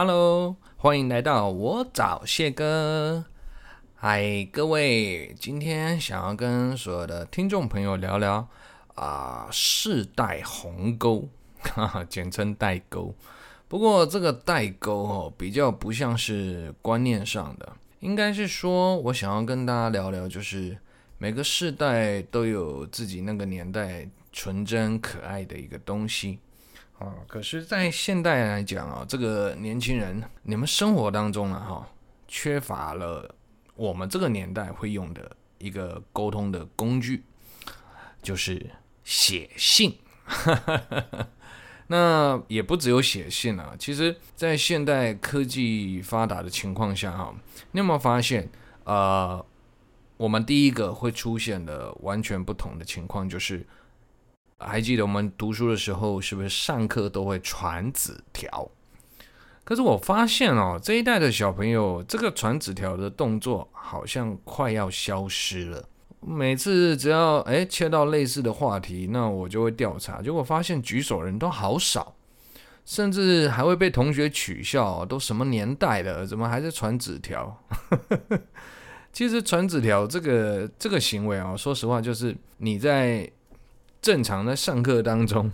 Hello，歡迎來到我找謝哥。嗨，各位，今天想要跟所有的聽眾朋友聊聊啊，呃，世代鴻溝，哈哈，簡稱代溝。不過這個代溝哦，比較不像是觀念上的，應該是說，我想要跟大家聊聊，就是每個世代都有自己那個年代純真可愛的一個東西。啊，可是，在現代來講啊，這個年輕人，你們生活當中啊，哈，缺乏了我們這個年代會用的一個溝通的工具，就是寫信。 那也不只有寫信啊，其實，在現代科技發達的情況下，哈，你有沒有發現，呃，我們第一個會出現的完全不同的情況就是。還記得我們讀書的時候，是不是上課都會傳紙條？可是我發現哦，這一代的小朋友，這個傳紙條的動作好像快要消失了。每次只要誒切到類似的話題，那我就會調查，結果發現舉手人都好少，甚至還會被同學取笑，都什麼年代了，怎麼還在傳紙條？ 其實傳紙條這個這個行為啊、哦，說實話，就是你在。正常在上課當中，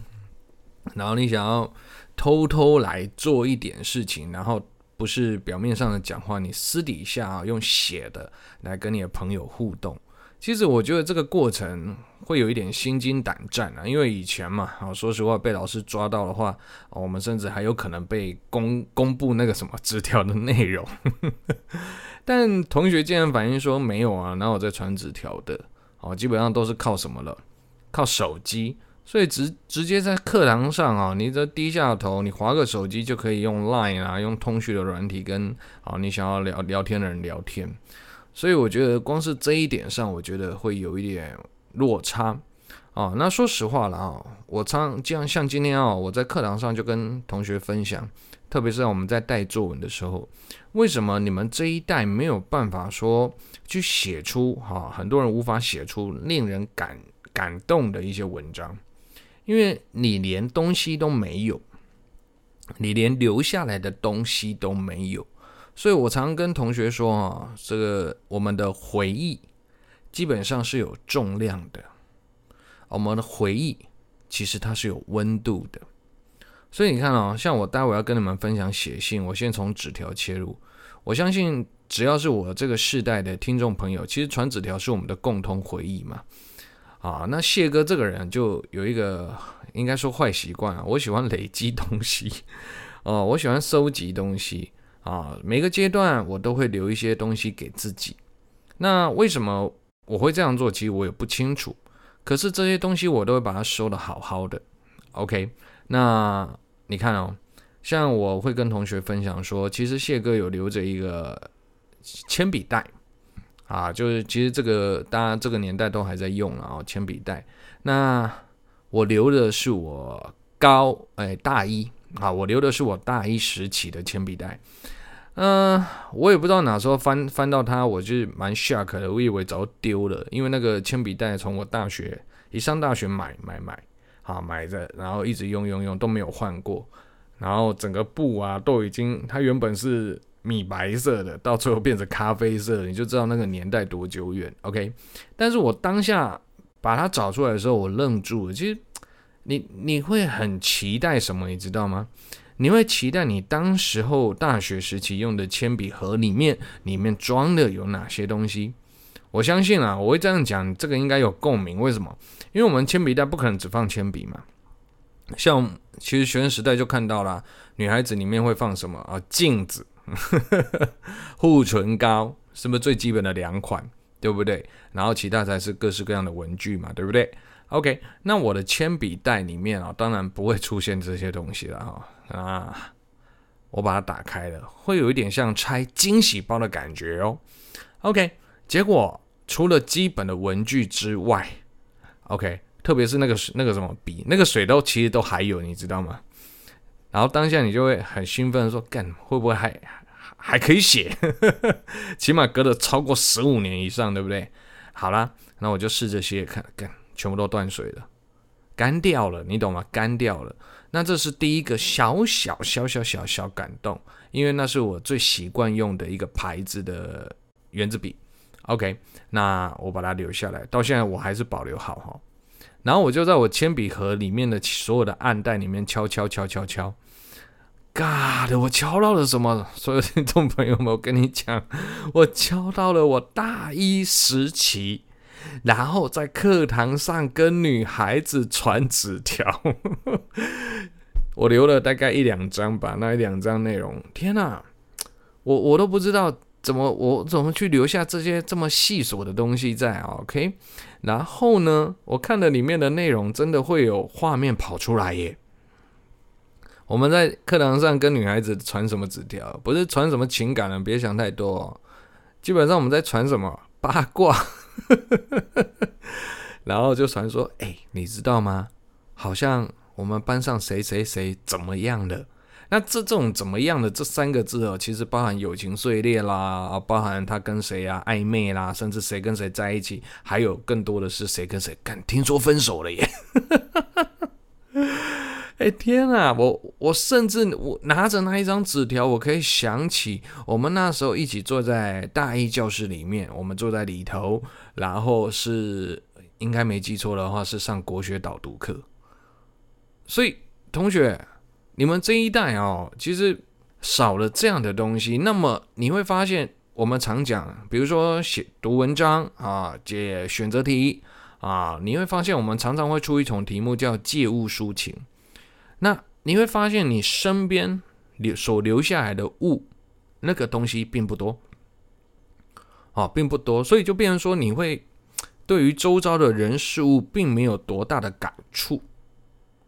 然後你想要偷偷來做一點事情，然後不是表面上的講話，你私底下啊用寫的來跟你的朋友互動。其實我覺得這個過程會有一點心驚膽戰啊，因為以前嘛，啊，哦，說實話被老師抓到的話，哦，我們甚至還有可能被公公布那個什麼紙條的內容。 但同學竟然反映說沒有啊，哪有在傳紙條的？哦，基本上都是靠什麼了？靠手機，所以直直接在課堂上啊，你這低下頭，你滑個手機就可以用 Line 啊，用通訊的軟體跟啊你想要聊聊天的人聊天。所以我覺得光是這一點上，我覺得會有一點落差啊。那說實話了啊，我常這樣，像今天啊，我在課堂上就跟同學分享，特別是在我們在帶作文的時候，為什麼你們這一代沒有辦法說去寫出哈、啊，很多人無法寫出令人感。感動的一些文章，因為你連東西都沒有，你連留下來的東西都沒有，所以我常跟同學說啊、哦，這個我們的回憶基本上是有重量的，我們的回憶其實它是有溫度的，所以你看啊、哦，像我待會兒要跟你們分享寫信，我先從紙條切入，我相信只要是我這個世代的聽眾朋友，其實傳紙條是我們的共同回憶嘛。啊，那謝哥這個人就有一個應該說壞習慣啊，我喜歡累積東西，哦、啊，我喜歡收集東西啊，每個階段我都會留一些東西給自己。那為什麼我會這樣做？其實我也不清楚。可是這些東西我都會把它收得好好的。OK，那你看哦，像我會跟同學分享說，其實謝哥有留着一個鉛筆袋。啊，就是其實這個大家這個年代都還在用，然、啊、後鉛筆袋。那我留的是我高哎大一啊，我留的是我大一時期的鉛筆袋。嗯、呃，我也不知道哪時候翻翻到它，我就蠻 shock 的，我以為早丟了，因為那個鉛筆袋從我大學一上大學買買買啊買着，然後一直用用用都沒有換過，然後整個布啊都已經它原本是。米白色的，到最後變成咖啡色，你就知道那個年代多久遠。OK，但是我當下把它找出來的時候，我愣住了。其實你，你你會很期待什麼，你知道嗎？你會期待你當時候大學時期用的鉛筆盒裡面裡面裝的有哪些東西？我相信啊，我會這樣講，這個應該有共鳴。為什麼？因為我們鉛筆袋不可能只放鉛筆嘛。像其實學生時代就看到了，女孩子裡面會放什麼啊？鏡子。 護唇膏是不是最基本的兩款，對不對？然後其他才是各式各樣的文具嘛，對不對？OK，那我的鉛筆袋裡面啊、哦，當然不會出現這些東西了啊、哦。啊，我把它打開了，會有一點像拆驚喜包的感覺哦。OK，結果除了基本的文具之外，OK，特別是那個那個什麼筆，那個水都其實都還有，你知道嗎？然後當下你就會很興奮地說：“幹會不會還還可以寫？呵呵呵，起碼隔了超過十五年以上，對不對？好啦，那我就試着寫，看幹全部都斷水了，乾掉了，你懂嗎？乾掉了。那這是第一個小小小小小小小感動，因為那是我最習慣用的一個牌子的原子筆。OK，那我把它留下來，到現在我還是保留好哈。”然後我就在我鉛筆盒裡面的所有的暗袋裡面敲，敲敲敲敲敲，God！我敲到了什麼？所有聽眾朋友們，我跟你講，我敲到了我大一時期，然後在課堂上跟女孩子傳紙條， 我留了大概一兩張吧，那一兩張內容，天哪，我我都不知道。怎麼我怎麼去留下這些這麼細瑣的東西在？OK，然後呢？我看了裡面的內容，真的會有畫面跑出來耶。我們在課堂上跟女孩子傳什麼紙條？不是傳什麼情感呢，別想太多哦，基本上我們在傳什麼八卦， 然後就傳說。哎，你知道嗎？好像我們班上誰誰誰怎麼樣了。那這這種怎麼樣的這三個字哦，其實包含友情碎裂啦，包含他跟誰啊曖昧啦，甚至誰跟誰在一起，還有更多的是誰跟誰，幹，聽說分手了耶！哎 天哪、啊，我我甚至我拿着那一張紙條，我可以想起我們那時候一起坐在大一教室裡面，我們坐在裡頭，然後是應該沒記錯的話是上國學導讀課，所以同學。你們這一代哦，其實少了這樣的東西，那麼你會發現，我們常講，比如說寫讀文章啊，解選擇題啊，你會發現我們常常會出一種題目叫借物抒情。那你會發現你身邊留所留下來的物，那個東西並不多，啊，並不多，所以就變成說你會對於周遭的人事物並沒有多大的感觸。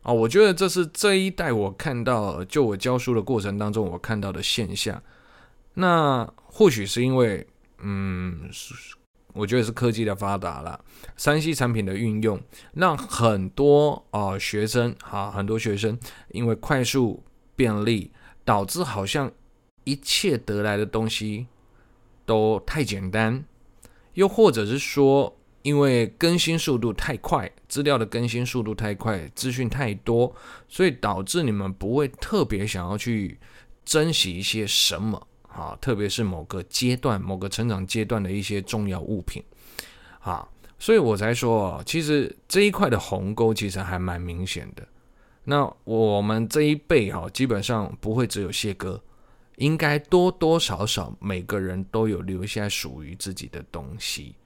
啊、哦，我覺得這是這一代我看到，就我教書的過程當中，我看到的現象。那或許是因為，嗯，我覺得是科技的發達了，三 C 產品的運用，讓很多啊、呃、學生哈、啊，很多學生因為快速便利，導致好像一切得來的東西都太簡單，又或者是說。因為更新速度太快，資料的更新速度太快，資訊太多，所以導致你們不會特別想要去珍惜一些什麼啊，特別是某個階段、某個成長階段的一些重要物品啊，所以我才說其實這一塊的鴻溝其實還蠻明顯的。那我們這一輩啊，基本上不會只有謝哥，應該多多少少每個人都有留下屬於自己的東西，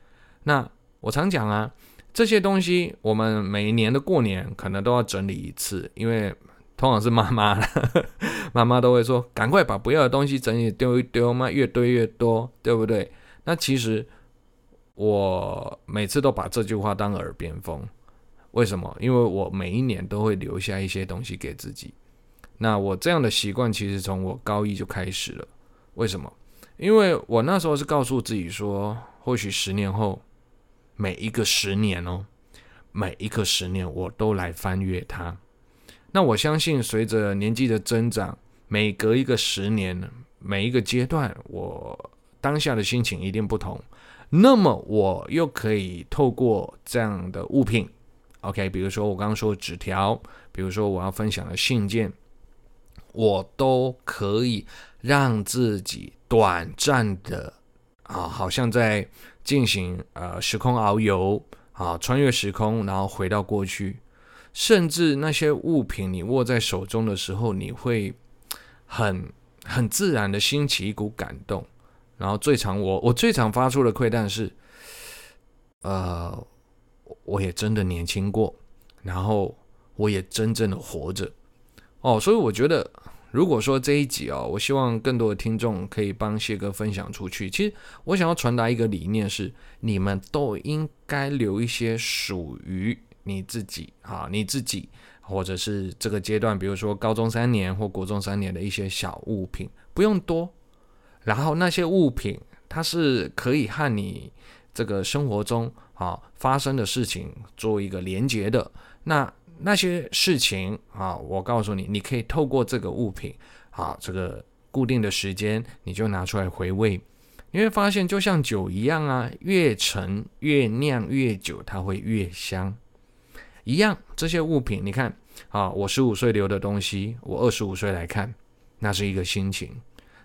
那。我常講啊，這些東西我們每一年的過年可能都要整理一次，因為通常是媽媽，媽媽都會說：“趕快把不要的東西整理丟一丟嘛，越堆越多，對不對？”那其實我每次都把這句話當耳邊風。為什麼？因為我每一年都會留下一些東西給自己。那我這樣的習慣其實從我高一就開始了。為什麼？因為我那時候是告訴自己說，或許十年後。每一個十年哦，每一個十年我都來翻閱它。那我相信，隨着年紀的增長，每隔一個十年，每一個階段，我當下的心情一定不同。那麼，我又可以透過這樣的物品，OK，比如說我剛剛說的紙條，比如說我要分享的信件，我都可以讓自己短暫的啊，好像在。進行呃時空遨遊啊，穿越時空，然後回到過去，甚至那些物品你握在手中的時候，你會很很自然的興起一股感動。然後最常我我最常發出的喟嘆是，呃，我也真的年輕過，然後我也真正的活着。哦，所以我覺得。如果說這一集哦，我希望更多的聽眾可以幫謝哥分享出去。其實我想要傳達一個理念是，你們都應該留一些屬於你自己啊，你自己或者是這個階段，比如說高中三年或國中三年的一些小物品，不用多。然後那些物品它是可以和你這個生活中啊發生的事情做一個連接的。那那些事情啊，我告訴你，你可以透過這個物品，啊，這個固定的時間，你就拿出來回味，你會發現，就像酒一樣啊，越陳越釀越久，它會越香。一樣這些物品，你看，啊，我十五歲留的東西，我二十五歲來看，那是一個心情。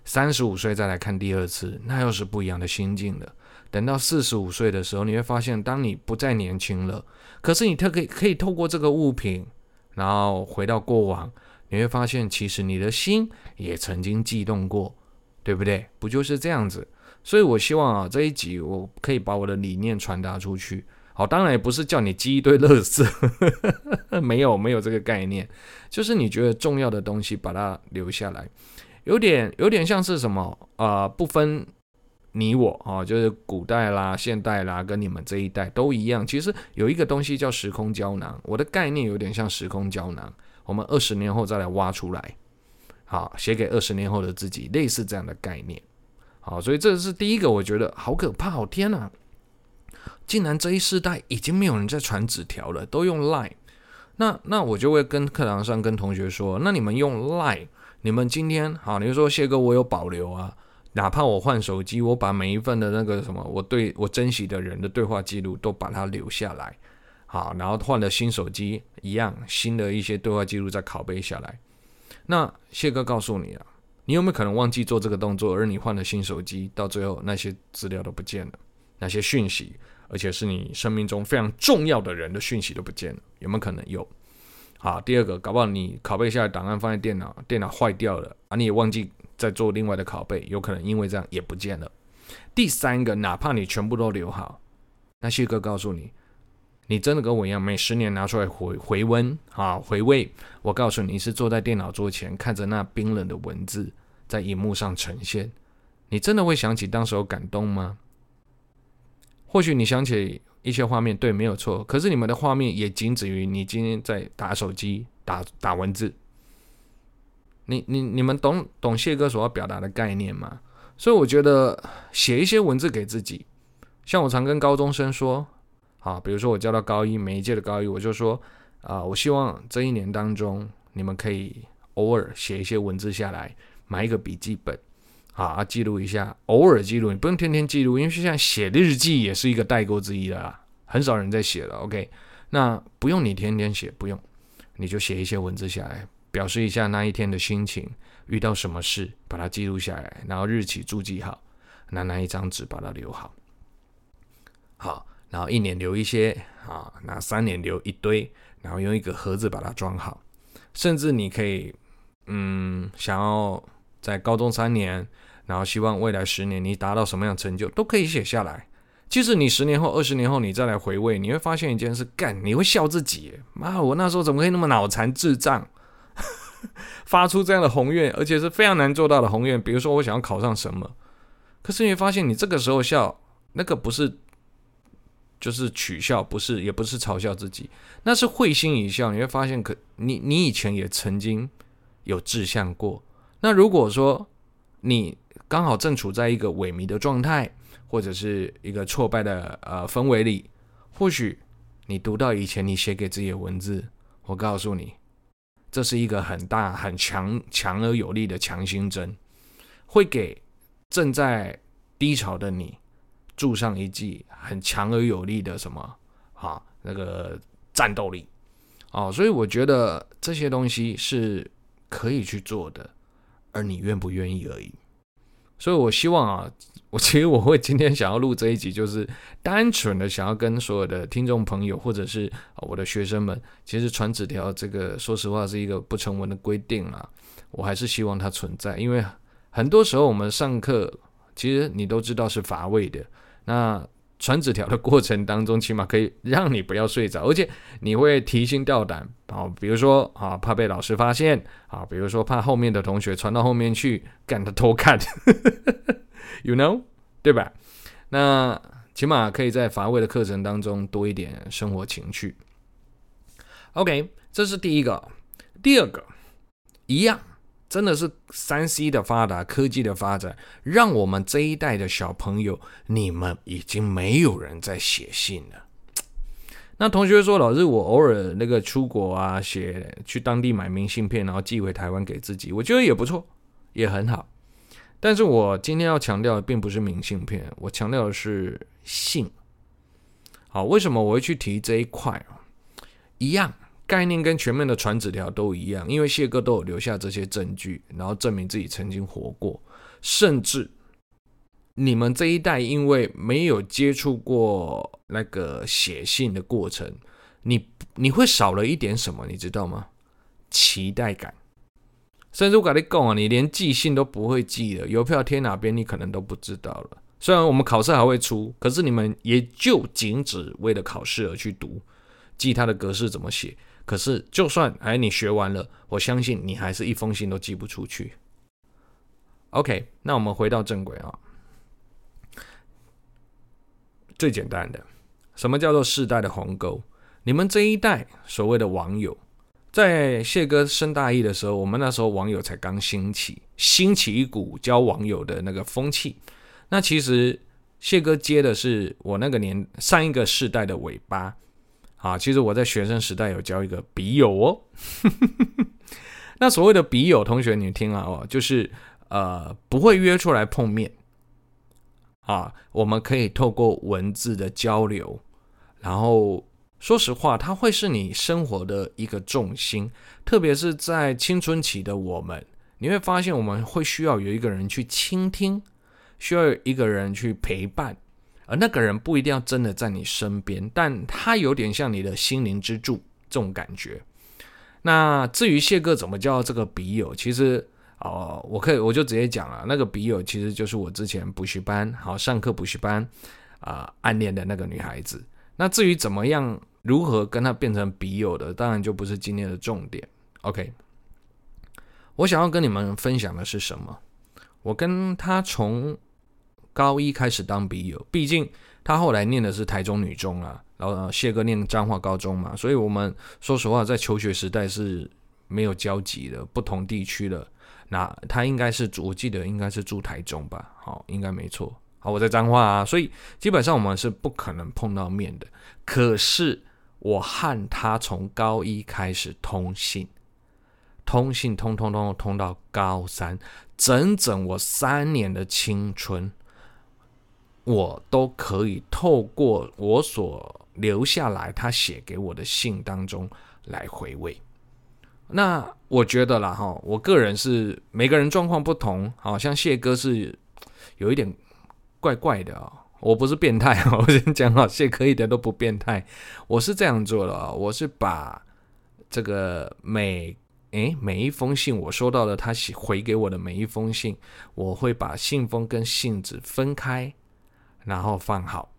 三十五歲再來看第二次，那又是不一樣的心境了。等到四十五歲的時候，你會發現，當你不再年輕了。可是你特可以可以透過這個物品，然後回到過往，你會發現其實你的心也曾經悸動過，對不對？不就是這樣子？所以我希望啊，這一集我可以把我的理念傳達出去。好，當然也不是叫你積一堆垃圾，沒有沒有這個概念，就是你覺得重要的東西，把它留下來，有點有點像是什麼啊、呃？不分。你我啊，就是古代啦、現代啦，跟你們這一代都一樣。其實有一個東西叫時空膠囊，我的概念有點像時空膠囊。我們二十年後再來挖出來，好，寫給二十年後的自己，類似這樣的概念。好，所以這是第一個，我覺得好可怕。好，天啊，竟然這一世代已經沒有人在傳紙條了，都用 LINE。那那我就會跟課堂上跟同學說，那你們用 LINE，你們今天好，你就說謝哥，我有保留啊。哪怕我換手機，我把每一份的那個什麼，我對我珍惜的人的對話記錄都把它留下來，好，然後換了新手機一樣，新的一些對話記錄再拷貝下來。那謝哥告訴你啊，你有沒有可能忘記做這個動作，而你換了新手機，到最後那些資料都不見了，那些訊息，而且是你生命中非常重要的人的訊息都不見了，有沒有可能有？好，第二個，搞不好你拷貝下來檔案放在電腦，電腦壞掉了，啊，你也忘記。再做另外的拷貝，有可能因為這樣也不見了。第三個，哪怕你全部都留好，那謝哥告訴你，你真的跟我一樣，每十年拿出來回回溫啊，回味。我告訴你，是坐在電腦桌前，看着那冰冷的文字在熒幕上呈現，你真的會想起當時候感動嗎？或許你想起一些畫面，對，沒有錯。可是你們的畫面也僅止於你今天在打手機、打打文字。你你你們懂懂謝哥所要表達的概念嗎？所以我覺得寫一些文字給自己，像我常跟高中生說，啊，比如說我教到高一，每一屆的高一，我就說，啊、呃，我希望這一年當中你們可以偶爾寫一些文字下來，買一個筆記本，啊，記錄一下，偶爾記錄，你不用天天記錄，因為像寫日記也是一個代溝之一的啦，很少人在寫了。OK，那不用你天天寫，不用，你就寫一些文字下來。表示一下那一天的心情，遇到什麼事，把它記錄下來，然後日期註記好，拿那一張紙把它留好。好，然後一年留一些，啊，拿三年留一堆，然後用一個盒子把它裝好。甚至你可以，嗯，想要在高中三年，然後希望未來十年你達到什麼樣的成就，都可以寫下來。即使你十年後、二十年後你再來回味，你會發現一件事，幹，你會笑自己，媽，我那時候怎麼可以那麼腦殘、智障、發出這樣的宏願，而且是非常難做到的宏願。比如說，我想要考上什麼，可是你會發現，你這個時候笑，那個不是，就是取笑，不是，也不是嘲笑自己，那是會心一笑。你會發現可，可你你以前也曾經有志向過。那如果說你剛好正處在一個萎靡的狀態，或者是一個挫敗的呃氛圍裡，或許你讀到以前你寫給自己的文字，我告訴你。這是一個很大很強，強而有力的強心針，會給正在低潮的你注上一劑很強而有力的什麼啊，那個戰鬥力啊，所以我覺得這些東西是可以去做的，而你願不願意而已。所以我希望啊。我其實我會今天想要錄這一集，就是單純的想要跟所有的聽眾朋友，或者是我的學生們，其實傳紙條這個，說實話是一個不成文的規定啊，我還是希望它存在，因為很多時候我們上課，其實你都知道是乏味的。那傳紙條的過程當中，起碼可以讓你不要睡着，而且你會提心吊膽啊、哦，比如說啊，怕被老師發現啊，比如說怕後面的同學傳到後面去干多，讓他偷看，you know，對吧？那起碼可以在乏味的課程當中多一點生活情趣。OK，這是第一個，第二個一樣。真的是三 C 的發達，科技的發展，讓我們這一代的小朋友，你們已經沒有人在寫信了。那同學說，老師，我偶爾那個出國啊，寫去當地買明信片，然後寄回台灣給自己，我覺得也不錯，也很好。但是我今天要強調的並不是明信片，我強調的是信。好，為什麼我會去提這一塊啊？一樣。概念跟前面的傳紙條都一樣，因為謝哥都有留下這些證據，然後證明自己曾經活過。甚至你們這一代，因為沒有接觸過那個寫信的過程，你你會少了一點什麼，你知道嗎？期待感。甚至我跟你講啊，你連寄信都不會寄的，郵票貼哪邊你可能都不知道了。雖然我們考試還會出，可是你們也就僅止為了考試而去讀，記它的格式怎麼寫。可是，就算哎，你學完了，我相信你還是一封信都寄不出去。OK，那我們回到正軌啊、哦。最簡單的，什麼叫做世代的鴻溝？你們這一代所謂的網友，在謝哥升大一的時候，我們那時候網友才剛興起，興起一股交網友的那個風氣。那其實謝哥接的是我那個年上一個世代的尾巴。啊，其實我在學生時代有交一個筆友哦。 那所謂的筆友同學，你聽啊哦，就是呃不會約出來碰面啊，我們可以透過文字的交流。然後說實話，它會是你生活的一個重心，特別是在青春期的我們，你會發現我們會需要有一個人去傾聽，需要有一個人去陪伴。而那個人不一定要真的在你身邊，但他有點像你的心靈支柱這種感覺。那至於謝哥怎麼叫這個筆友，其實哦、呃，我可以我就直接講了，那個筆友其實就是我之前補習班好上課補習班啊、呃、暗戀的那個女孩子。那至於怎麼樣如何跟她變成筆友的，當然就不是今天的重點。OK，我想要跟你們分享的是什麼？我跟她從，高一開始當筆友，畢竟他後來念的是台中女中啊，然後謝哥念彰化高中嘛，所以我們說實話，在求學時代是沒有交集的，不同地區的。那他應該是，我記得應該是住台中吧，好、哦，應該沒錯。好，我在彰化啊，所以基本上我們是不可能碰到面的。可是我和他從高一開始通信，通信通通通通，通到高三，整整我三年的青春，我都可以透過我所留下來他寫給我的信當中來回味。那我覺得啦，哈，我個人是每個人狀況不同，好像謝哥是有一點怪怪的哦，我不是變態啊，我先講好，謝哥一點都不變態。我是這樣做的啊，我是把這個每誒、哎，每一封信我收到的他寫回給我的每一封信，我會把信封跟信紙分開。然後放好，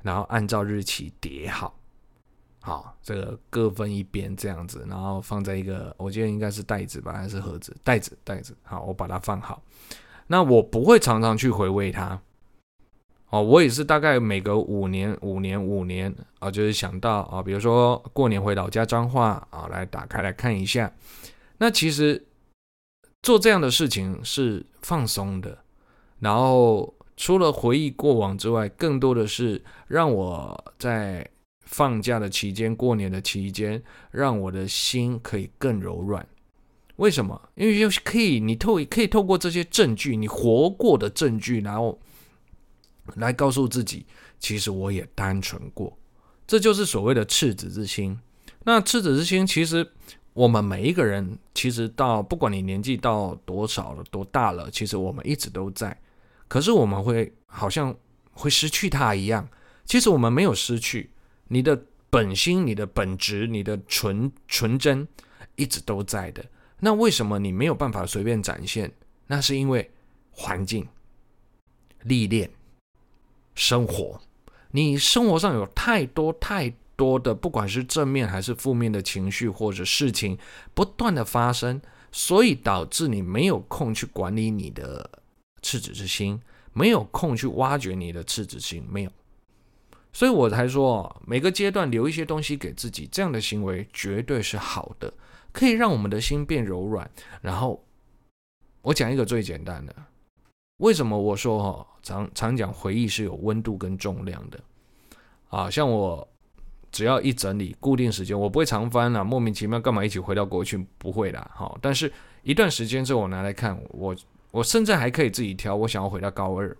然後按照日期疊好，好，這個各分一邊這樣子，然後放在一個，我記得應該是袋子吧，還是盒子？袋子，袋子，好，我把它放好。那我不會常常去回味它，哦，我也是大概每隔五年、五年、五年啊，就是想到啊，比如說過年回老家彰化，啊，來打開來看一下。那其實做這樣的事情是放鬆的，然後。除了回憶過往之外，更多的是讓我在放假的期間、過年的期間，讓我的心可以更柔軟。為什麼？因為就是可以，你透可以透過這些證據，你活過的證據，然後來告訴自己，其實我也單純過。這就是所謂的赤子之心。那赤子之心，其實我們每一個人，其實到不管你年紀到多少了、多大了，其實我們一直都在。可是我們會好像會失去它一樣，其實我們沒有失去，你的本心、你的本質、你的純純真，一直都在的。那為什麼你沒有辦法隨便展現？那是因為環境、歷練、生活，你生活上有太多太多的，不管是正面還是負面的情緒或者事情，不斷的發生，所以導致你沒有空去管理你的。赤子之心，沒有空去挖掘你的赤子心，沒有，所以我才說每個階段留一些東西給自己，這樣的行為絕對是好的，可以讓我們的心變柔軟。然後我講一個最簡單的，為什麼我說哈，常常講回憶是有溫度跟重量的，啊，像我只要一整理固定時間，我不會常翻了啊，莫名其妙幹嘛一起回到過去？不會的，哈。但是一段時間之後我拿來看我。我甚至還可以自己挑，我想要回到高二，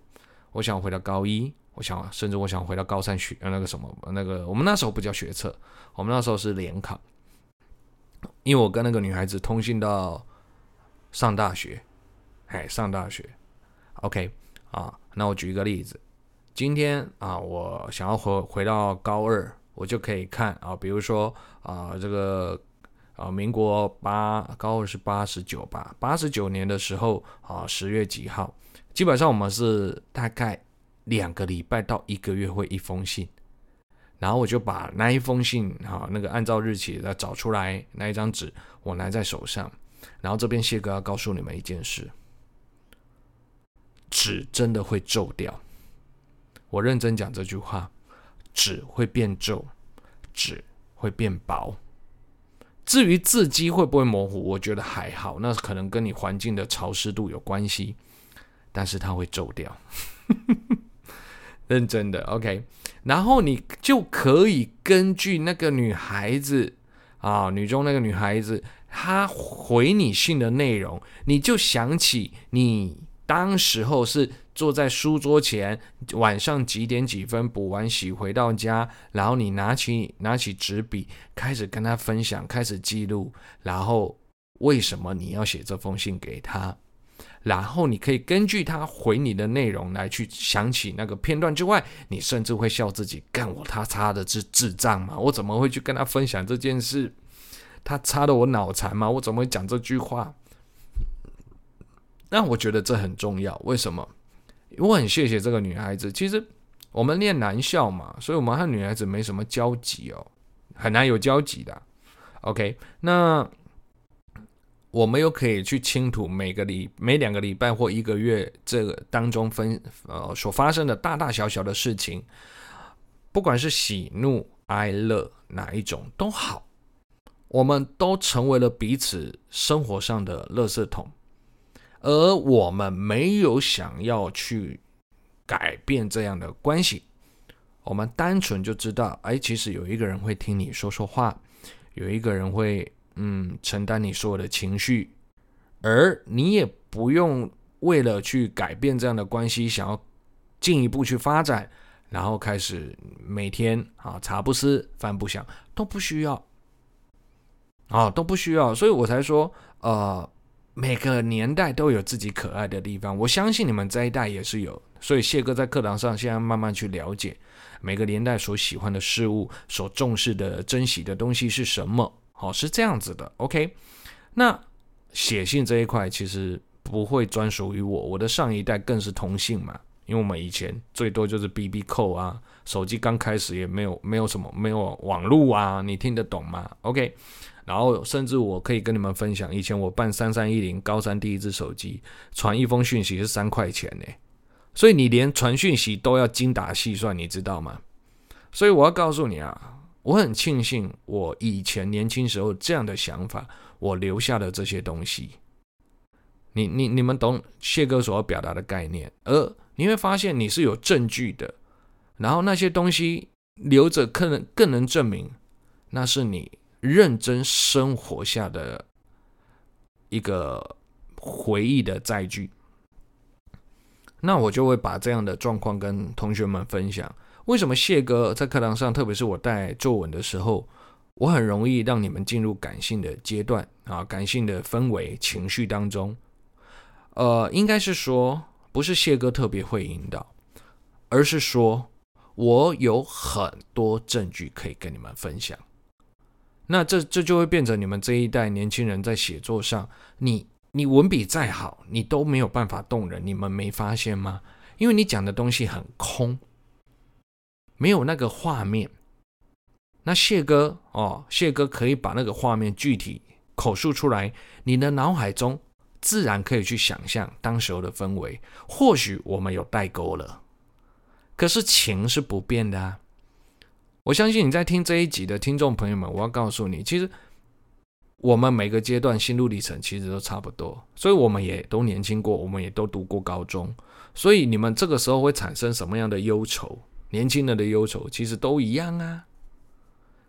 我想回到高一，我想甚至我想回到高三學那個什麼那個，我們那時候不叫學測，我們那時候是聯考。因為我跟那個女孩子通信到上大學，哎，上大學，OK 啊，那我舉一個例子，今天啊，我想要回回到高二，我就可以看啊，比如說啊，這個。啊、呃，民國八高二是八十九吧？八十九年的時候啊，十月幾號？基本上我們是大概兩個禮拜到一個月會一封信，然後我就把那一封信啊，那個按照日期來找出來那一張紙，我拿在手上。然後這邊謝哥要告訴你們一件事，紙真的會皺掉，我認真講這句話，紙會變皺，紙會變薄。至於字跡會不會模糊，我覺得還好，那可能跟你環境的潮濕度有關係，但是它會皺掉。 認真的，OK。然後你就可以根據那個女孩子啊，女中那個女孩子，她回你信的內容，你就想起你當時候是，坐在書桌前，晚上幾點幾分補完習回到家，然後你拿起拿起紙筆，開始跟他分享，開始記錄，然後為什麼你要寫這封信給他？然後你可以根據他回你的內容來去想起那個片段之外，你甚至會笑自己，幹我他擦的，是智障嗎？我怎麼會去跟他分享這件事？他擦的我腦殘嗎？我怎麼會講這句話？那我覺得這很重要，為什麼？我很謝謝這個女孩子。其實我們念男校嘛，所以我們和女孩子沒什麼交集哦，很難有交集的啊。OK，那我們又可以去傾吐每個禮每兩個禮拜或一個月這個當中分呃所發生的大大小小的事情，不管是喜怒哀樂哪一種都好，我們都成為了彼此生活上的垃圾桶。而我們沒有想要去改變這樣的關係，我們單純就知道，哎，其實有一個人會聽你說說話，有一個人會，嗯，承擔你所有的情緒，而你也不用為了去改變這樣的關係，想要進一步去發展，然後開始每天，啊，茶不思，飯不想，都不需要，啊，都不需要，所以我才說，呃。每個年代都有自己可愛的地方，我相信你們這一代也是有。所以謝哥在課堂上現在慢慢去了解每個年代所喜歡的事物、所重視的、珍惜的東西是什麼。好，是這樣子的。OK，那寫信這一塊其實不會專屬於我，我的上一代更是同性嘛，因為我們以前最多就是 BB Call 啊，手機剛開始也沒有，沒有什麼，沒有網絡啊，你聽得懂嗎？OK。然後，甚至我可以跟你們分享，以前我辦三三一零，高三第一支手機，傳一封訊息是三塊錢呢。所以你連傳訊息都要精打細算，你知道嗎？所以我要告訴你啊，我很慶幸我以前年輕時候這樣的想法，我留下的這些東西，你你你們懂謝哥所要表達的概念，而你會發現你是有證據的，然後那些東西留着，可能更能證明那是你。認真生活下的一個回憶的載具，那我就會把這樣的狀況跟同學們分享。為什麼謝哥在課堂上，特別是我帶作文的時候，我很容易讓你們進入感性的階段啊，感性的氛圍、情緒當中。呃，應該是說不是謝哥特別會引導，而是說我有很多證據可以跟你們分享。那這這就會變成你們這一代年輕人在寫作上，你你文筆再好，你都沒有辦法動人，你們沒發現嗎？因為你講的東西很空，沒有那個畫面。那謝哥哦，謝哥可以把那個畫面具體口述出來，你的腦海中自然可以去想象當時候的氛圍。或許我們有代溝了，可是情是不變的啊。我相信你在聽這一集的聽眾朋友們，我要告訴你，其實我們每個階段心路歷程其實都差不多，所以我們也都年輕過，我們也都讀過高中，所以你們這個時候會產生什麼樣的憂愁？年輕人的憂愁其實都一樣啊。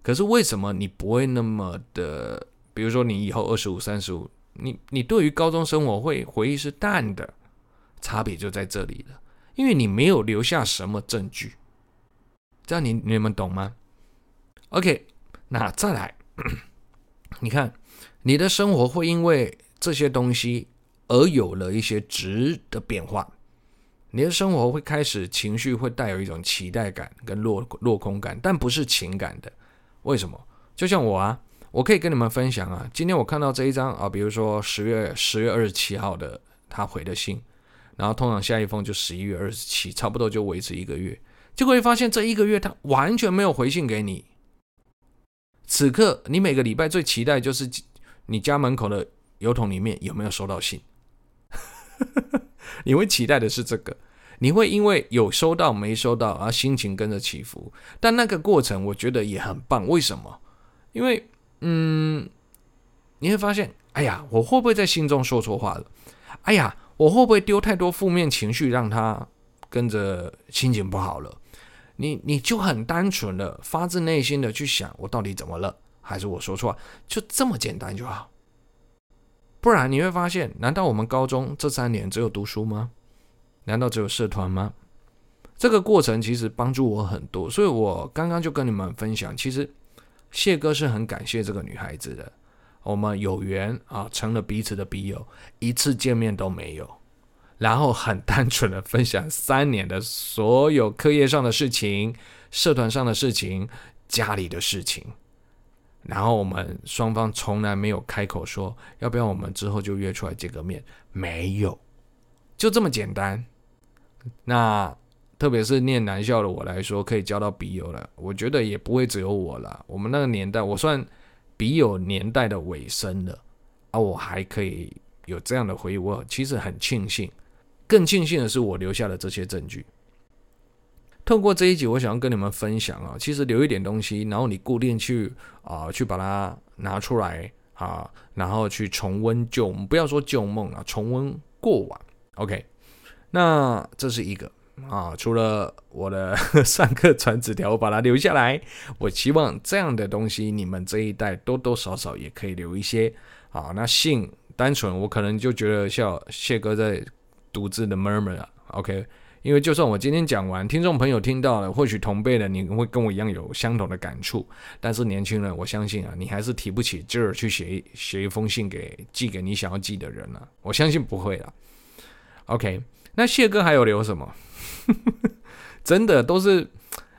可是為什麼你不會那麼的，比如說你以後二十五、三十五，你你對於高中生活會回憶是淡的，差別就在這裡了，因為你沒有留下什麼證據。這樣你你們懂嗎？OK，那再來， 你看你的生活會因為這些東西而有了一些值的變化，你的生活會開始情緒會帶有一種期待感跟落落空感，但不是情感的。為什麼？就像我啊，我可以跟你們分享啊，今天我看到這一張啊，比如說十月十月二十七號的他回的信，然後通常下一封就十一月二十七，差不多就維持一個月。就會發現這一個月他完全沒有回信給你。此刻你每個禮拜最期待就是你家門口的郵筒裡面有沒有收到信。 你會期待的是這個，你會因為有收到沒收到而心情跟着起伏。但那個過程我覺得也很棒，為什麼？因為嗯，你會發現，哎呀，我會不會在信中說錯話了？哎呀，我會不會丟太多負面情緒讓他跟着心情不好了？你你就很單純的發自內心的去想，我到底怎麼了，還是我說錯，就這麼簡單就好。不然你會發現，難道我們高中這三年只有讀書嗎？難道只有社團嗎？這個過程其實幫助我很多，所以我剛剛就跟你們分享，其實謝哥是很感謝這個女孩子的，我們有緣啊，呃，成了彼此的筆友，一次見面都沒有。然後很單純的分享三年的所有課業上的事情、社團上的事情、家裡的事情。然後我們雙方從來沒有開口說，要不要我們之後就約出來見個面，沒有，就這麼簡單。那特別是念男校的我來說，可以交到筆友了。我覺得也不會只有我了。我們那個年代，我算筆友年代的尾聲了。啊，我還可以有這樣的回憶，我其實很慶幸。更慶幸的是，我留下了這些證據。透過這一集，我想要跟你們分享啊，其實留一點東西，然後你固定去啊，去把它拿出來啊，然後去重溫舊，不要說舊夢啊，重溫過往。OK，那這是一個啊，除了我的上課傳紙條，我把它留下來。我希望這樣的東西，你們這一代多多少少也可以留一些啊。那信單純，我可能就覺得像謝哥在。獨自的 m u r m u r o k，因為就算我今天講完，聽眾朋友聽到了，或許同輩的你會跟我一樣有相同的感觸，但是年輕人，我相信啊，你還是提不起勁兒去寫一寫一封信給寄給你想要寄的人了。我相信不會了。OK，那謝哥還有留什麼？ 真的都是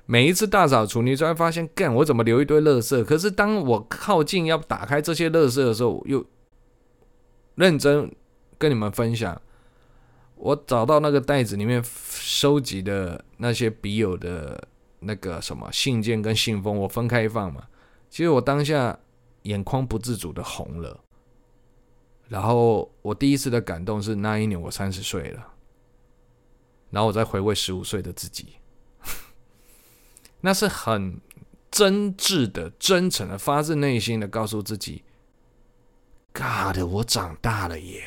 每一次大掃除，你就會發現，幹我怎麼留一堆垃圾？可是當我靠近要打開這些垃圾的時候，我又認真跟你們分享。我找到那個袋子裡面收集的那些筆友的那個什麼信件跟信封，我分開放嘛。其實我當下眼眶不自主的紅了。然後我第一次的感動是那一年我三十歲了。然後我再回味十五歲的自己，那是很真摯的、真誠的、發自內心的告訴自己：“God，我長大了耶。”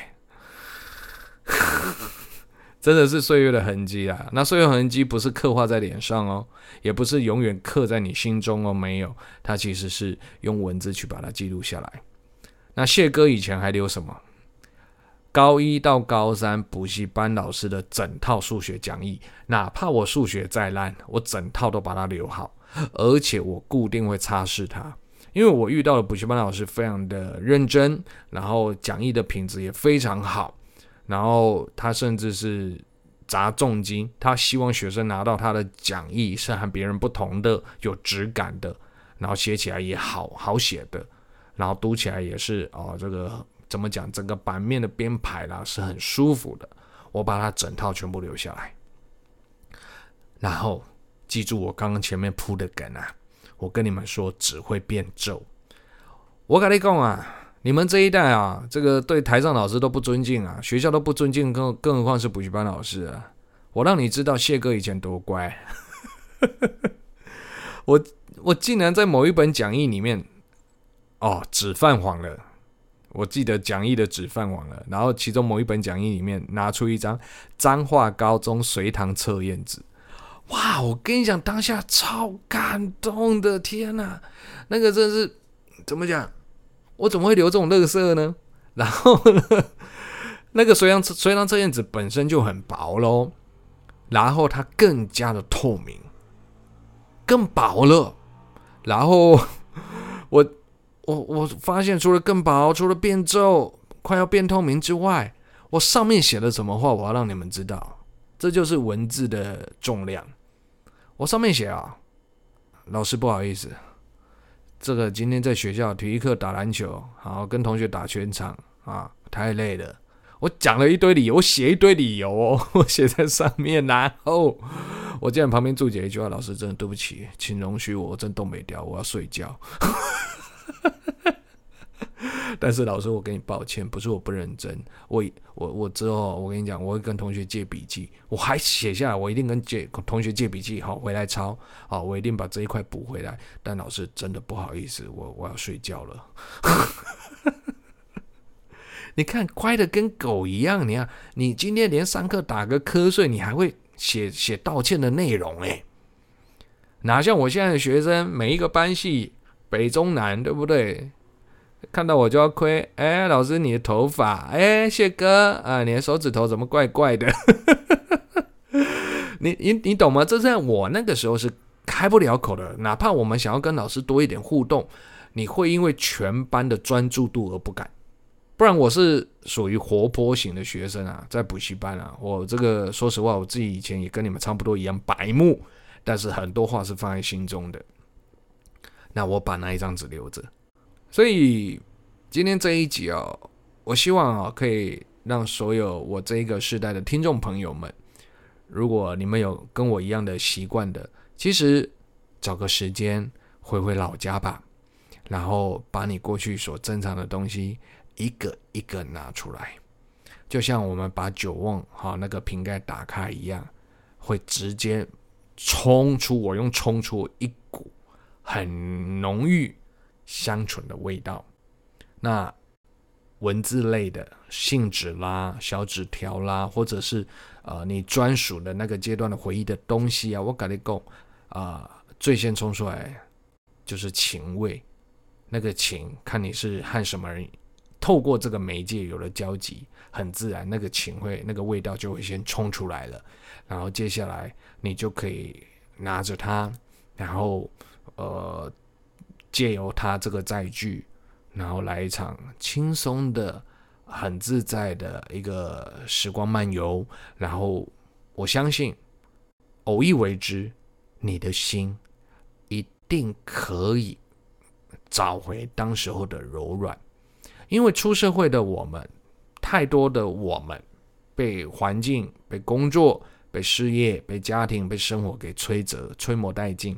真的是歲月的痕跡啊！那歲月痕跡不是刻畫在臉上哦，也不是永遠刻在你心中哦。沒有，它其實是用文字去把它記錄下來。那謝哥以前還留什麼？高一到高三補習班老師的整套數學講義，哪怕我數學再爛，我整套都把它留好，而且我固定會擦拭它，因為我遇到的補習班老師非常的認真，然後講義的品質也非常好。然後他甚至是砸重金，他希望學生拿到他的講義是和別人不同的，有質感的，然後寫起來也好好寫的，然後讀起來也是哦，這個怎麼講？整個版面的編排啦是很舒服的。我把它整套全部留下來，然後記住我剛剛前面鋪的梗啊，我跟你們說只會變皺，我跟你講啊。你們這一代啊，這個對台上老師都不尊敬啊，學校都不尊敬，更更何況是補習班老師啊！我讓你知道謝哥以前多乖。 我我竟然在某一本講義裡面，哦，紙泛黃了，我記得講義的紙泛黃了，然後其中某一本講義裡面拿出一張《彰化高中隨堂測驗紙》。哇，我跟你講，當下超感動的，天吶，那個真是，怎麼講？我怎麼會留這種垃圾呢？然後，呵呵，那個，雖然雖然這樣子本身就很薄咯，然後它更加的透明，更薄了。然後我我我發現除了更薄，除了變皺，快要變透明之外，我上面寫了什麼話，我要讓你們知道，這就是文字的重量。我上面寫啊，老師不好意思。這個今天在學校體育課打籃球，好，跟同學打全場啊，太累了。我講了一堆理由，我寫一堆理由哦，我寫在上面，啊，oh, 我然後我見旁邊注解一句話，老師真的對不起，請容許我，我真動沒掉，我要睡覺。 但是老師，我跟你抱歉，不是我不認真，我我我之後我跟你講，我會跟同學借筆記，我還寫下來，我一定跟借同學借筆記，好回來抄，好我一定把這一塊補回來。但老師真的不好意思，我我要睡覺了。 你看乖得跟狗一樣，你看，啊，你今天連上課打個瞌睡，你還會寫寫道歉的內容哎，欸，哪像我現在的學生，每一個班系北中南，對不對？看到我就要虧。哎，老師，你的頭髮哎，謝哥啊，你的手指頭怎麼怪怪的？ 你你你懂嗎？這在我那個時候是開不了口的，哪怕我們想要跟老師多一點互動，你會因為全班的專注度而不敢。不然我是屬於活潑型的學生啊，在補習班啊，我這個說實話，我自己以前也跟你們差不多一樣白目，但是很多話是放在心中的。那我把那一張紙留着，所以。今天這一集哦，我希望啊，可以讓所有我這一個世代的聽眾朋友們，如果你們有跟我一樣的習慣的，其實找個時間回回老家吧，然後把你過去所珍藏的東西一個一個拿出來，就像我們把酒甕哈那個瓶蓋打開一樣，會直接沖出我用沖出一股很濃郁香醇的味道。那文字類的信紙啦、小紙條啦，或者是呃你專屬的那個階段的回憶的東西啊，我跟你講，啊、呃，最先衝出來就是情味，那個情，看你是和什麼人透過這個媒介有了交集，很自然，那個情味那個味道就會先衝出來了，然後接下來你就可以拿着它，然後呃借由它這個載具。然後來一場輕鬆的、很自在的一個時光漫遊。然後我相信，偶一為之，你的心一定可以找回當時候的柔軟。因為出社會的我們，太多的我們被環境、被工作、被事業、被家庭、被生活給摧折、摧磨殆盡。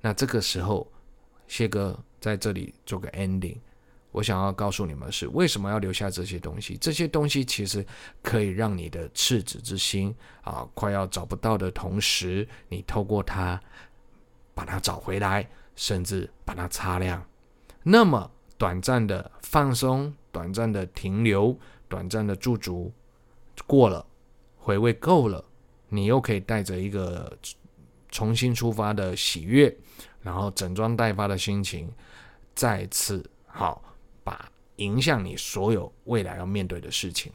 那這個時候，謝哥在這裡做個 ending。我想要告訴你們的是，為什麼要留下這些東西？這些東西其實可以讓你的赤子之心啊，快要找不到的同時，你透過它把它找回來，甚至把它擦亮。那麼短暫的放鬆，短暫的停留，短暫的駐足，過了，回味夠了，你又可以帶着一個重新出發的喜悅，然後整裝待發的心情，再次好。把影響你所有未來要面對的事情，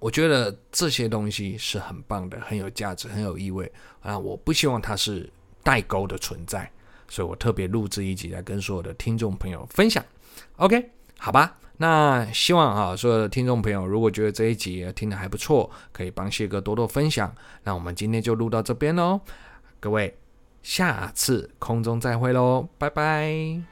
我覺得這些東西是很棒的，很有價值，很有意味啊！我不希望它是代溝的存在，所以我特別錄製一集來跟所有的聽眾朋友分享。OK，好吧，那希望啊，所有的聽眾朋友如果覺得這一集聽得還不錯，可以幫謝哥多多分享。那我們今天就錄到這邊嘍，各位，下次空中再會嘍，拜拜。